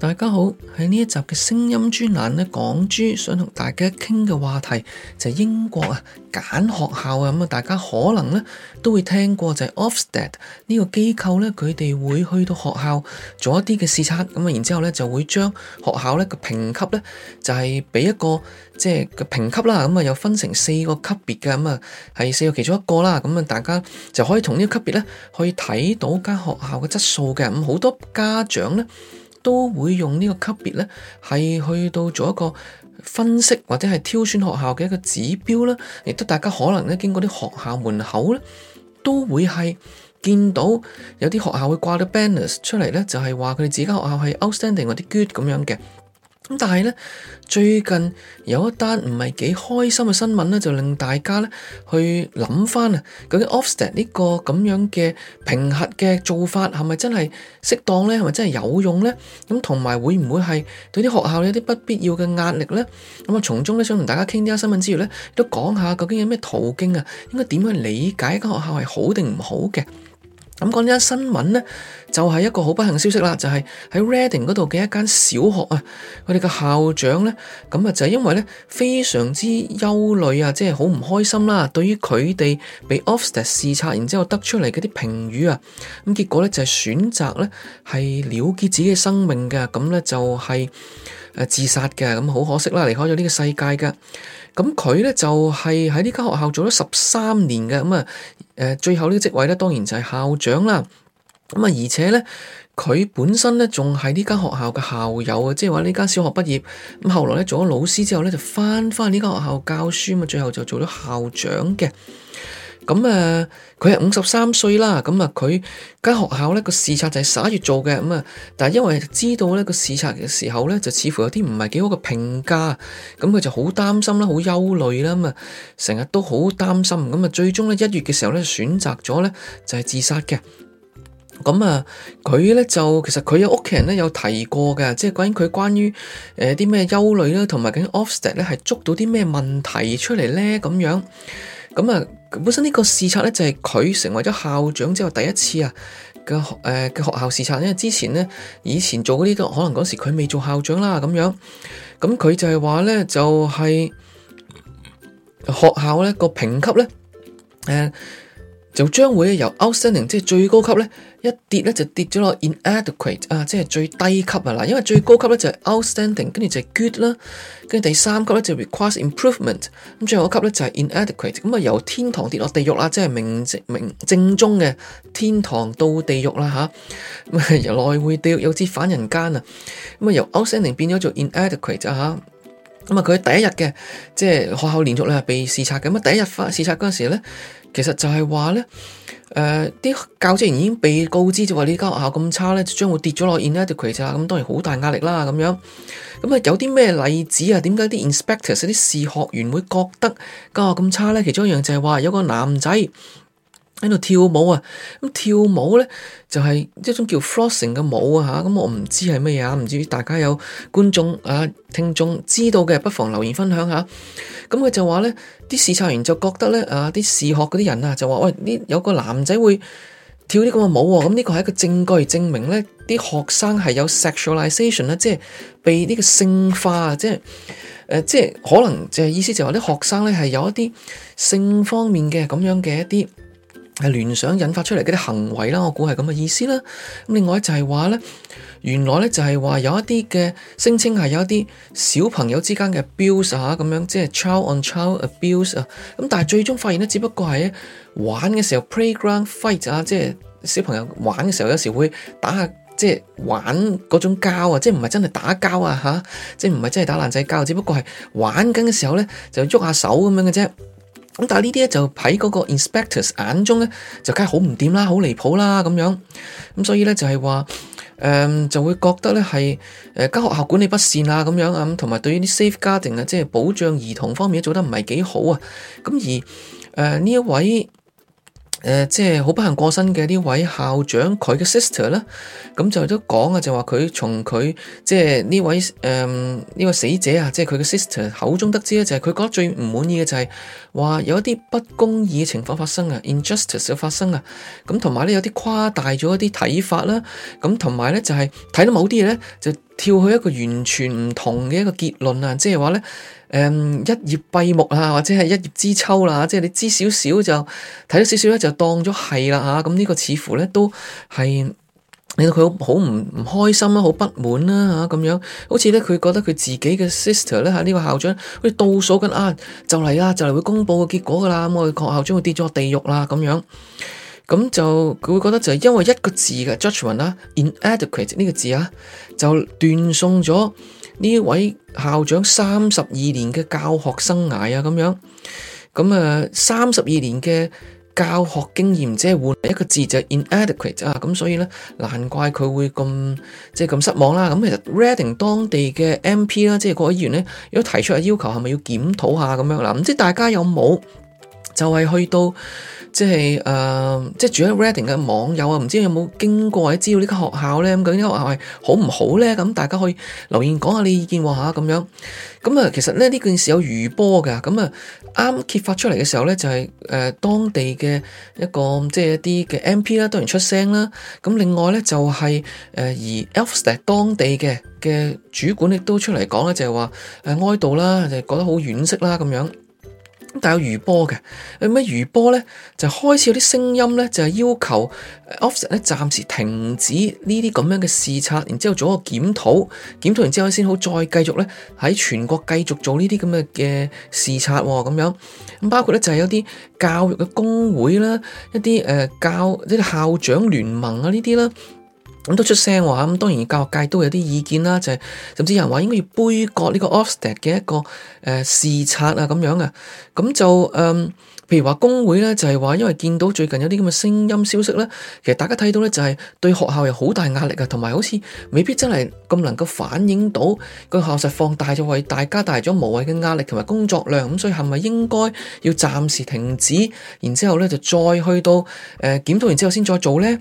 大家好，喺呢一集嘅聲音專欄咧，港珠想同大家傾嘅話題就係、是、英國啊揀學校啊咁啊，大家可能呢都會聽過就係 Ofsted 呢個機構呢，佢哋會去到學校做一啲嘅視察，咁啊，然之後咧就會將學校呢個評級呢，就係俾一個即係個評級啦，咁啊又分成四個級別嘅，咁啊係四個其中一個啦，咁啊大家就可以同呢個級別呢，去睇到間學校嘅質素嘅，咁好多家長呢。都會用呢個級別咧，係去到做一個分析或者係挑選學校嘅一個指標啦。亦都大家可能咧經過啲學校門口咧，都會係見到有啲學校會掛咗 banners 出嚟咧，就係話佢哋自己學校係 outstanding 或者 good 咁樣嘅。咁但係咧，最近有一單唔係幾開心嘅新聞咧，就令大家咧去諗翻啊，究竟 Ofsted 呢個咁樣嘅評核嘅做法係咪真係適當咧？係咪真係有用咧？咁同埋會唔會係對啲學校有啲不必要嘅壓力咧？咁、嗯、啊，從中咧想同大家傾啲新聞之餘咧，都講下究竟有咩途徑啊？應該點樣理解個學校係好定唔好嘅？咁講呢單新聞咧，就係一個好不幸嘅消息啦，就係喺 Reading 嗰度嘅一間小學啊，佢哋嘅校長咧，咁啊就係因為咧非常之憂慮啊，即係好唔開心啦，對於佢哋被 Ofsted 視察，然之後得出嚟嗰啲評語啊，咁結果咧就係選擇咧係了結自己嘅生命嘅，咁咧就係誒自殺嘅，咁好可惜啦，離開咗呢個世界嘅。咁佢咧就係喺呢間學校做咗十三年嘅，咁啊，誒，最後呢個職位咧，當然就係校長啦。咁啊，而且咧，佢本身咧仲係呢間學校嘅校友啊，即係話呢間小學畢業。咁後來咧做咗老師之後咧，就翻翻呢間學校教書，咁啊，最後就做咗校長嘅。咁啊，佢係五十三歲啦。咁啊，佢、嗯、間學校咧，個視察就係十一月做嘅。咁、嗯、啊，但係因為知道咧，個視察嘅時候咧，就似乎有啲唔係幾好嘅評價。咁、嗯、佢就好擔心啦，好憂慮啦。咁啊，成日都好擔心。咁啊、嗯嗯，最終咧，一月嘅時候咧，選擇咗咧就係、是、自殺嘅。咁、嗯、啊，佢、嗯、咧就其實佢嘅屋企人咧有提過嘅，即係關於佢關於誒啲咩憂慮啦，同、呃、埋究竟 Ofsted 咧係捉到啲咩問題出嚟咧咁樣。咁、嗯、啊。嗯嗯嗯本身呢個視察咧就係、是、佢成為咗校長之後第一次啊嘅誒嘅學校視察，因為之前咧以前做嗰啲，可能嗰時佢未做校長啦咁樣，咁佢就係話咧就係、是、學校咧個評級咧誒。呃就將會由 outstanding 即係最高級咧，一跌咧就跌咗落 inadequate 啊，即係最低級啊嗱，因為最高級咧就係 outstanding，跟住就係 good 啦，跟住第三級咧就 request improvement，咁最後一級咧就係 inadequate，咁、嗯、啊由天堂跌落地獄啦，即係名正名正宗嘅天堂到地獄啦嚇，咁啊由來回地獄又至返人間、嗯、ate，啊，咁啊由 outstanding 變咗做 inadequate 啊。咁啊，佢第一日嘅，即係學校連續咧，被視察嘅，咁啊第一日翻視察嗰時咧，其實就係話咧，誒、呃、啲教職員已經被告知就話呢間學校咁差咧，就將會跌咗落，inadequate 啊，咁當然好大壓力啦，咁樣。咁啊有啲咩例子啊？點解啲 inspectors 啲試學員會覺得教學咁差咧？其中一樣就係話有個男仔。喺度跳舞啊！咁跳舞咧就係一種叫 flossing 嘅舞啊。嚇、嗯、咁，我唔知係咩啊，唔知大家有觀眾啊聽眾知道嘅，不妨留言分享下。咁、嗯、佢就話咧，啲視察員就覺得咧啊，啲視學嗰啲人啊就話喂，呢有個男仔會跳啲咁嘅舞喎。咁呢個係一個證據，證明咧啲學生係有 sexualization 啦，即係被呢個性化啊，即係誒、呃，即係可能就係意思就係話啲學生咧係有一啲性方面嘅咁樣嘅一啲。係聯想引發出嚟嗰啲行為啦，我估係咁嘅意思啦。咁另外就係話呢，原來呢就係話有一啲嘅聲稱係有一啲小朋友之間嘅 abuse 吓、啊、咁樣，即係 child on child abuse 啊。咁但係最終發現呢，只不過係玩嘅時候 playground fight 啊，即係小朋友玩嘅時候有時會打下即係玩嗰種交，交啊，即係唔係真係打交啊吓，即係唔係真係打爛仔交，只不過係玩緊嘅時候呢，就喐下手咁樣嘅啫。咁但係呢啲咧，就喺嗰個 inspectors 眼中咧，就梗係好唔掂啦，好離譜啦咁樣，咁所以咧，就係話誒就會覺得咧，係誒間學校管理不善啊咁樣啊，咁同埋對於啲 safeguarding 啊，即係保障兒童方面做得唔係幾好啊，咁而誒呢、呃、一位。誒、呃，即係好不幸過身嘅呢位校長，佢嘅 sister 咧，咁就都講啊，就話佢從佢即係呢位誒呢個死者啊，即係佢嘅 sister 口中得知咧，就係、是、佢覺得最唔滿意嘅就係、是、話有一啲不公義嘅情況發生啊，injustice 嘅發生啊，咁同埋咧有啲誇大咗一啲睇法啦，咁同埋咧就係睇到某啲嘢咧就。跳去一個完全唔同嘅一個結論啊，即係話咧，誒、嗯、一葉蔽目啊，或者係一葉知秋啦，即、就、係、是、你知少少就睇咗少少咧，小小就當咗係啦嚇。咁、啊、呢、嗯這個似乎咧都係令到佢好唔唔開心啊，好不滿啦嚇咁樣，好似咧佢覺得佢自己嘅 sister 咧、啊、喺呢、這個校長好似倒數緊啊，就嚟啦就嚟會公佈個結果㗎啦，咁我哋學校將會跌咗落地獄啦咁樣。咁就佢會覺得就係因為一個字嘅 judgement 啦，inadequate 呢、這個字啊，就斷送咗呢位校長三十二年嘅教學生涯啊，咁樣，咁啊三十二年嘅教學經驗，即係換一個字就係、inadequate 啊，咁所以呢，難怪佢會咁即係咁失望啦、啊。咁其實 Reading 當地嘅 MP 啦，即係各位議員呢，如果提出嘅要求係咪要檢討下咁樣啦？唔知大家有冇就係、是、去到？即係誒、呃，即係住喺 Reading 嘅網友啊，唔知有冇經過或者知道呢間學校咧？咁究竟呢間學校係好唔好咧？咁大家可以留言講下你意見喎嚇咁樣。咁、嗯、啊，其實咧呢件事有餘波嘅。咁、嗯、啊，啱揭發出嚟嘅時候咧，就係、是、誒、呃、當地嘅一個即係一啲嘅 MP 啦，當然出聲啦。咁、啊、另外咧就係、是、誒、呃、而 Ofsted 當地嘅嘅主管亦都出嚟講咧，就係話誒哀悼啦，就係覺得好惋惜啦咁樣。但有餘波嘅，有咩餘波咧？就開始有啲聲音咧，就係要求 Ofsted 咧暫時停止呢啲咁樣嘅視察，然之後做一個檢討，檢討完之後先好再繼續咧喺全國繼續做呢啲咁嘅嘅視察喎，咁樣咁包括咧就係有啲教育嘅工會啦，一啲誒教即係校長聯盟啊呢啲啦。咁都出聲喎，咁當然教育界都有啲意見啦，就係、是、甚至有人話應該要杯葛呢個 Ofsted 嘅一個誒、呃、視察啊咁樣啊，咁就誒譬如話工會咧，就係、是、話因為見到最近有啲咁嘅聲音消息咧，其實大家睇到咧就係、是、對學校有大壓好大壓力啊，同埋好似未必真係咁能夠反映到個學校實放大，咗，為大家帶咗無謂嘅壓力同埋工作量，咁、嗯、所以係咪應該要暫時停止，然之後咧就再去到誒、呃、檢討，完之後先再做咧？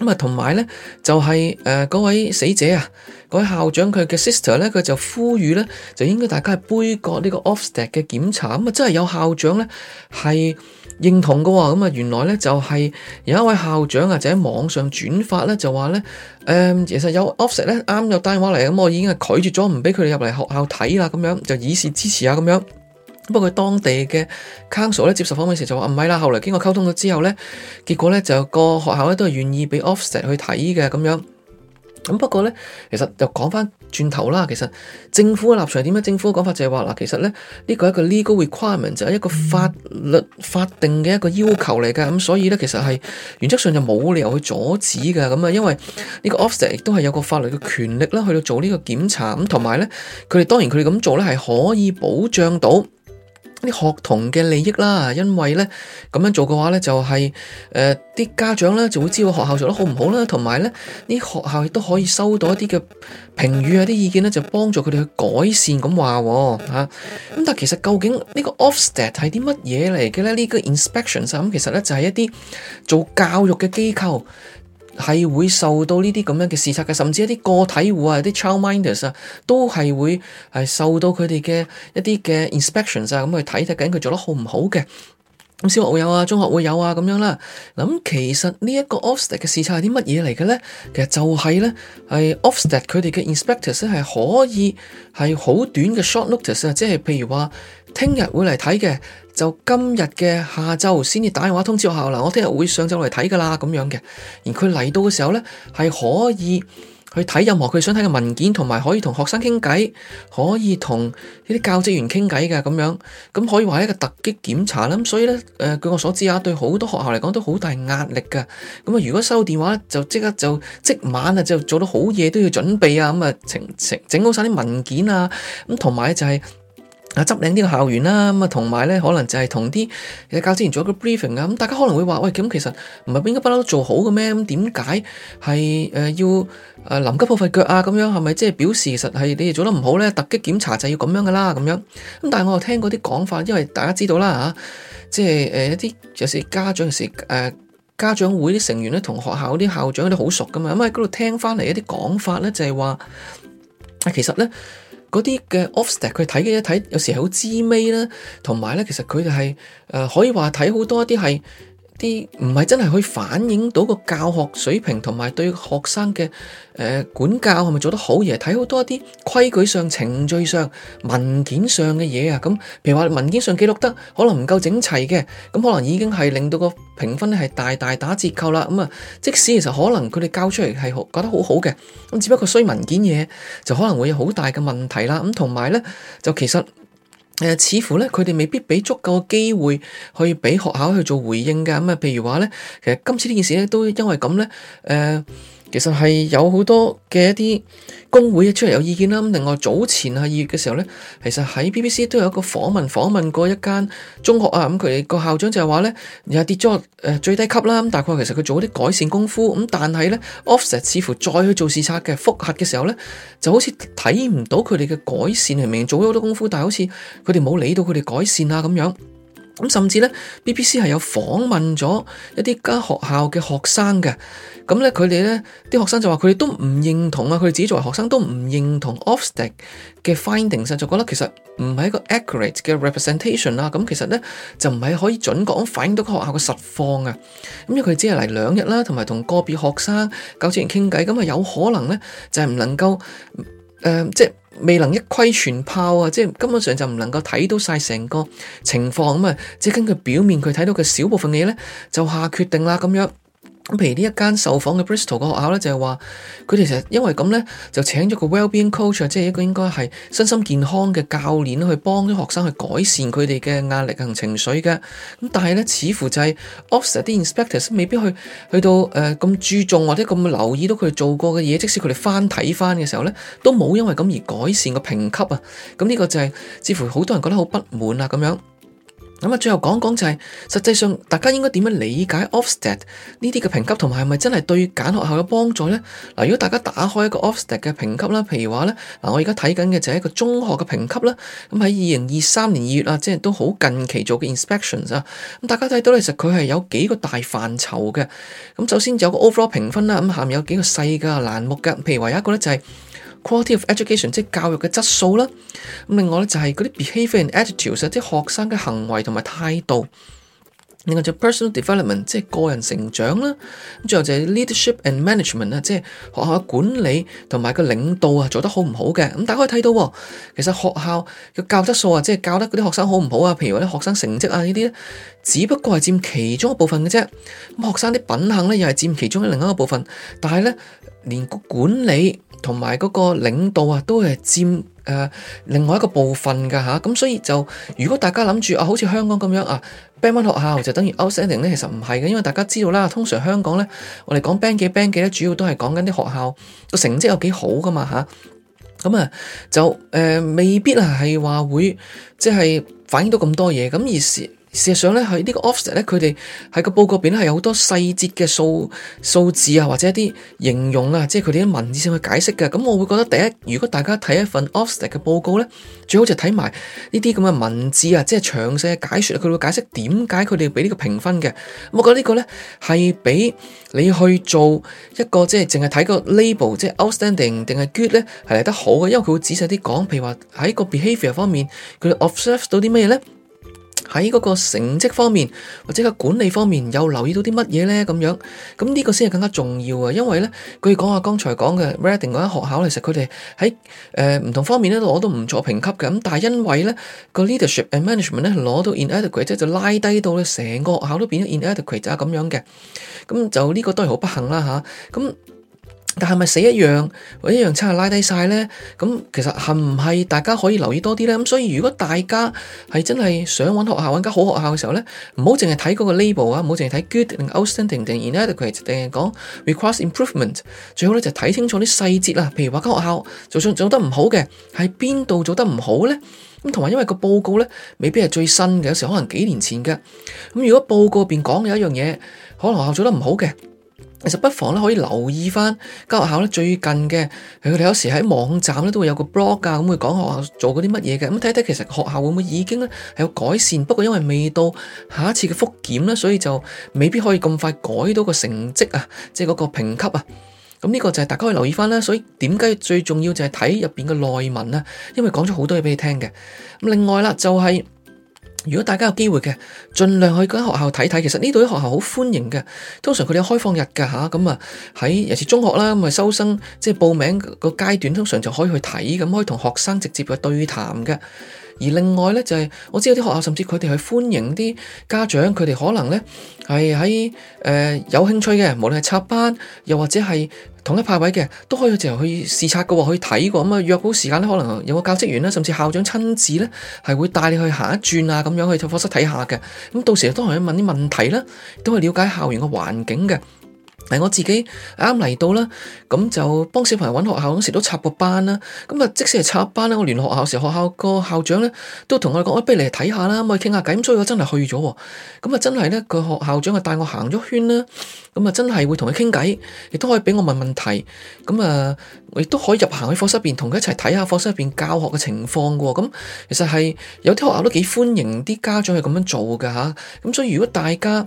咁啊，同埋咧就係、是、誒，嗰、呃、位死者啊，嗰位校長佢嘅 sister 咧，佢就呼籲咧，就應該大家係杯葛呢個 Ofsted 嘅檢查。咁、嗯、啊，真係有校長咧係認同噶喎。咁、嗯、啊，原來咧就係有一位校長啊，就喺網上轉發咧，就話咧誒，其實有 Ofsted 咧，啱又打電話嚟，咁、嗯、我已經係拒絕咗，唔俾佢哋入嚟學校睇啦。咁樣就以示支持啊，咁樣。不過佢當地嘅 council 咧，接受訪問時候就話唔係啦，後來經過溝通咗之後咧，結果咧就有個學校咧都係願意俾 offset 去睇嘅咁樣。咁不過咧，其實就講翻轉頭啦，其實政府嘅立場係點咧？政府嘅講法就係話嗱，其實咧呢個一個 legal requirement 就係一個法律法定嘅一個要求嚟嘅。咁所以咧，其實係原則上就冇理由去阻止噶。咁啊，因為呢個 offset 亦都係有個法律嘅權力啦，去到做呢個檢查。咁同埋咧，佢哋當然佢哋咁做咧係可以保障到。啲學童嘅利益啦，因為呢，咁樣做嘅話呢，就係、是、誒、啲、呃、家長呢就會知道學校做得好唔好啦，同埋呢，啲學校亦都可以收到一啲嘅評語啊，啲意見呢，就幫助佢哋去改善咁話吓。咁、啊、但其實究竟呢個 Ofsted 係啲乜嘢嚟嘅呢？呢、這個 inspection 咁其實呢就係、是、一啲做教育嘅機構。係會受到呢啲咁樣嘅視察嘅，甚至一啲個體戶啊、啲 childminders 啊，ers, 都係會係受到佢哋嘅一啲嘅 inspection 啊，咁去睇睇究竟佢做得好唔好嘅。咁小學會有啊，中學會有啊，咁樣啦。咁其實呢一個 Ofsted 嘅視察係啲乜嘢嚟嘅咧？其實就係、是、咧，係 Ofsted 佢哋嘅 inspectors 係可以係好短嘅 short notice 啊，即係譬如話聽日會嚟睇嘅，就今日嘅下晝先至打電話通知學校。嗱，我聽日會上晝嚟睇噶啦，咁樣嘅。而佢嚟到嘅時候咧，係可以。去睇任何佢想睇嘅文件，同埋可以同學生傾偈，可以同呢啲教職員傾偈嘅咁樣，咁可以話一個突擊檢查啦。咁所以咧，誒、呃、據我所知啊，對好多學校嚟講都好大壓力㗎。咁啊，如果收電話就即刻就即晚啊，就做到好嘢都要準備啊，咁啊，整整整好晒啲文件啊，咁同埋咧就係、是。啊，執領呢個校園啦，咁啊，同埋咧，可能就係同啲教之前做一個 briefing 啊，咁大家可能會話，喂，咁其實唔係邊個不嬲都做好嘅咩？咁點解係誒要誒臨、呃、急抱佛腳啊？咁樣係咪即係表示實係你哋做得唔好咧？突擊檢查就要咁樣噶啦，咁樣咁，但係我又聽過啲講法，因為大家知道啦嚇，即係誒一啲有時家長，有時誒、呃、家長會啲成員咧，同學校啲校長啲好熟噶嘛，咁喺嗰度聽翻嚟一啲講法咧，就係、是、話，其實咧。嗰啲嘅 Ofsted 佢睇嘅一睇，ack，有時好滋味啦。同埋咧，其實佢哋係誒可以話睇好多一啲係。啲唔係真係可以反映到個教學水平同埋對學生嘅誒、呃、管教係咪做得好嘢？睇好多一啲規矩上、程序上、文件上嘅嘢啊，咁譬如話文件上記錄得可能唔夠整齊嘅，咁可能已經係令到個評分咧係大大打折扣啦。咁啊，即使其實可能佢哋教出嚟係覺得好好嘅，咁只不過衰文件嘢就可能會有好大嘅問題啦。咁同埋咧，就其實。呃、似乎咧，佢哋未必畀足夠嘅機會去畀學校去做回應㗎。咁、嗯、啊，譬如話咧，其實今次呢件事咧，都因為咁咧，誒、呃。其實係有好多嘅一啲工會出嚟有意見啦。另外早前啊二月嘅時候咧，其實喺 BBC 都有一個訪問訪問過一間中學啊。咁佢哋個校長就係話咧，又跌咗誒最低級啦。咁大概其實佢做咗啲改善功夫，咁但係咧 Ofsted 似乎再去做視察嘅複核嘅時候咧，就好似睇唔到佢哋嘅改善，明明做咗好多功夫，但係好似佢哋冇理到佢哋改善啊咁樣。咁甚至呢 BBC 係有訪問咗一啲間學校嘅學生嘅，咁呢，佢哋呢啲學生就話佢哋都唔認同啊，佢哋自己作為學生都唔認同 Ofsted 嘅 finding，實就覺得其實唔係一個 accurate 嘅 representation 啦、啊。咁其實呢，就唔係可以準確反映到學校嘅實況啊。咁因為佢哋只係嚟兩日啦，同埋同個別學生教職員傾偈，咁啊有可能呢，就係、是、唔能夠誒、呃、即。未能一窺全豹啊！即係根本上就唔能夠睇到晒成個情況咁啊！即係根據表面佢睇到嘅少部分嘅嘢咧，就下決定啦咁樣。咁譬如呢一間受訪嘅 Bristol 嘅學校咧，就係話佢哋成日因為咁咧，就請咗個 Wellbeing Coach，即係一個應該係身心健康嘅教練去幫啲學生去改善佢哋嘅壓力同情緒嘅。咁但係咧，似乎就係 Ofsted 啲 Inspectors 未必去去到誒咁、呃、注重或者咁留意到佢哋做過嘅嘢，即使佢哋翻睇翻嘅時候咧，都冇因為咁而改善個評級啊。咁、嗯、呢、呢個就係、是、似乎好多人覺得好不滿啊咁樣。咁啊，最後講講就係，實際上大家應該點樣理解 Ofsted 呢啲嘅評級，同埋係咪真係對揀學校有幫助呢？嗱，如果大家打開一個 Ofsted 嘅評級啦，譬如話呢，嗱，我而家睇緊嘅就係一個中學嘅評級啦。咁喺二零二三年二月啊，即係都好近期做嘅 inspections 啊。咁大家睇到其實佢係有幾個大範疇嘅。咁首先就有個 overall 評分啦，咁下面有幾個細嘅欄目嘅，譬如話有一個呢就係，quality of education 即係教育嘅質素啦，咁另外咧就係嗰啲 behaviour and attitudes 即係學生嘅行為同埋態度，另外就 personal development 即係個人成長啦，咁最後就係 leadership and management 啊，即係學校嘅管理同埋個領導啊做得好唔好嘅，咁大家可以睇到喎，其實學校嘅教質素啊，即係教得嗰啲學生好唔好啊，譬如話啲學生成績啊呢啲，只不過係佔其中一部分嘅啫，咁學生啲品行咧又係佔其中嘅另一個部分，但係咧連個管理。同埋嗰個領導啊，都係佔誒、呃、另外一個部分嘅吓，咁、啊、所以就如果大家諗住啊，好似香港咁樣啊，band one 學校就等於 outstanding 咧，其實唔係嘅，因為大家知道啦，通常香港咧，我哋講 band 幾 band 幾咧，主要都係講緊啲學校個成績有幾好㗎嘛吓，咁啊就誒、呃、未必啊係話會即係、就是、反映到咁多嘢，咁而係。事實上咧，喺、這個、呢個 Ofsted 咧，佢哋喺個報告入邊咧，係有好多細節嘅數數字啊，或者一啲形容啊，即係佢哋啲文字上去解釋嘅。咁我會覺得第一，如果大家睇一份 Ofsted 嘅報告咧，最好就睇埋呢啲咁嘅文字啊，即係詳細嘅解說，佢會解釋點解佢哋要俾呢個評分嘅。我覺得呢個咧係俾你去做一個即係淨係睇個 label，即係 outstanding 定係 good 咧，係嚟得好嘅，因為佢會仔細啲講，譬如話喺個 behavior 方面，佢哋 observe 到啲咩咧？喺嗰個成績方面或者個管理方面又留意到啲乜嘢咧咁樣？咁呢個先係更加重要啊！因為咧，佢講啊，剛才講嘅 Reading 嗰間學校其實佢哋喺誒唔同方面咧攞到唔錯評級嘅。咁但係因為咧、個 leadership and management 咧攞到 inadequate，即係就拉低到咧成個學校都變咗 inadequate 就咁樣嘅。咁就呢個當然好不幸啦吓。咁、啊但係咪死一樣，或者一樣差係拉低晒呢？咁其實係唔係大家可以留意多啲呢？咁所以如果大家係真係想揾學校揾間好學校嘅時候呢，唔好淨係睇嗰個 label 啊，唔好淨係睇 good 定 outstanding 定 inadequate 定係講 requires improvement。最好呢就睇、是、清楚啲細節啊，譬如話間學校就算做，做得唔好嘅，喺邊度做得唔好呢？咁同埋因為個報告呢，未必係最新嘅，有時可能幾年前嘅。咁如果報告入邊講有一樣嘢，可能學校做得唔好嘅。其實不妨可以留意翻間學校咧，最近嘅佢哋有時喺網站咧，都會有個 blog 啊，咁會講學校做過啲乜嘢嘅，咁睇睇，看看其實學校會唔會已經咧，係有改善？不過因為未到下一次嘅復檢咧，所以就未必可以咁快改到個成績啊，即係嗰個評級啊。咁呢個就係大家可以留意翻啦。所以點解最重要就係睇入邊嘅內文啊，因為講咗好多嘢畀你聽嘅。咁另外啦，就係，就係。如果大家有機會嘅，盡量去間學校睇睇，其實呢度啲學校好歡迎嘅，通常佢哋有開放日㗎吓，咁啊喺尤其中學啦，咁啊收生即係報名個階段，通常就可以去睇，咁可以同學生直接去對談嘅。而另外呢，就係、是，我知有啲學校甚至佢哋係歡迎啲家長，佢哋可能呢係喺誒有興趣嘅，無論係插班又或者係同一派位嘅，都可以就去視察過，去睇過。咁啊約好時間呢，可能有個教職員呢，甚至校長親自呢，係會帶你去行一轉啊，咁樣去課室睇下嘅。咁、嗯、到時啊，都係去問啲問題啦，都可以了解校園嘅環境嘅。嗱，我自己啱嚟到啦，咁就幫小朋友揾學校嗰時都插過班啦。咁啊，即使係插班啦，我連學校時學校個校長咧都同我講，我不如嚟睇下啦，我可以傾下偈。咁所以我真係去咗。咁啊，真係咧個學校長啊帶我行咗圈啦。咁啊，真係會同佢傾偈，亦都可以畀我問問題。咁啊，我亦都可以入行去課室入邊，同佢一齊睇下課室入邊教學嘅情況嘅。咁其實係有啲學校都幾歡迎啲家長係咁樣做嘅吓。咁所以如果大家，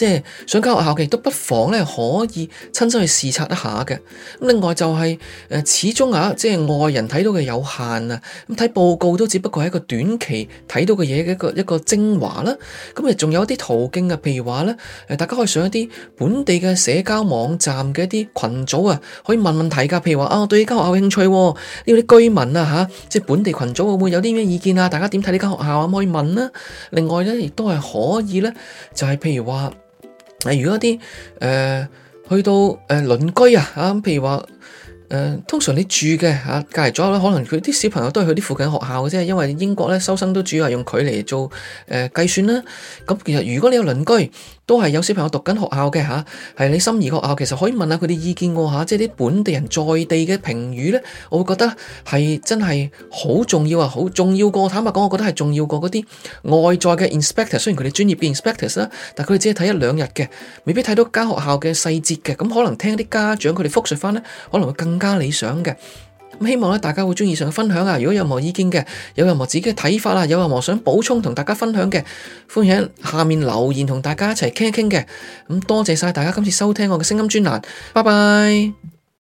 即係想交學校嘅，亦都不妨咧，可以親身去視察一下嘅。另外就係、是、誒，始終啊，即係外人睇到嘅有限啊。咁睇報告都只不過係一個短期睇到嘅嘢嘅一個一個精華啦。咁誒，仲有啲途徑啊，譬如話咧，誒大家可以上一啲本地嘅社交網站嘅一啲群組啊，可以問問題㗎。譬如話啊，對呢間學校有興趣、啊，呢啲居民啊吓、啊，即係本地群組會唔會有啲咩意見啊？大家點睇呢間學校啊？可以問啦。另外咧，亦都係可以咧，就係、是、譬如話。嗱，如果啲誒、呃、去到誒、呃、鄰居啊，吓，譬如話誒、呃，通常你住嘅吓，隔籬左右啦，可能佢啲小朋友都係去啲附近學校嘅啫，因為英國咧收生都主要係用佢嚟做誒、呃、計算啦。咁其實如果你有鄰居，都係有小朋友讀緊學校嘅吓，係你心儀學校，其實可以問下佢哋意見喎吓，即係啲本地人在地嘅評語呢，我會覺得係真係好重要啊，好重要過。坦白講，我覺得係重要過嗰啲外在嘅 inspector，雖然佢哋專業啲 inspector 啦，但佢哋只係睇一兩日嘅，未必睇到間學校嘅細節嘅，咁可能聽啲家長佢哋複述翻呢，可能會更加理想嘅。希望大家會鍾意以上嘅分享啊！如果有任何意見嘅，有任何自己嘅睇法啊，有任何想補充同大家分享嘅，歡迎下面留言同大家一齊傾一傾嘅。咁多謝晒大家今次收聽我嘅聲音專欄，拜拜。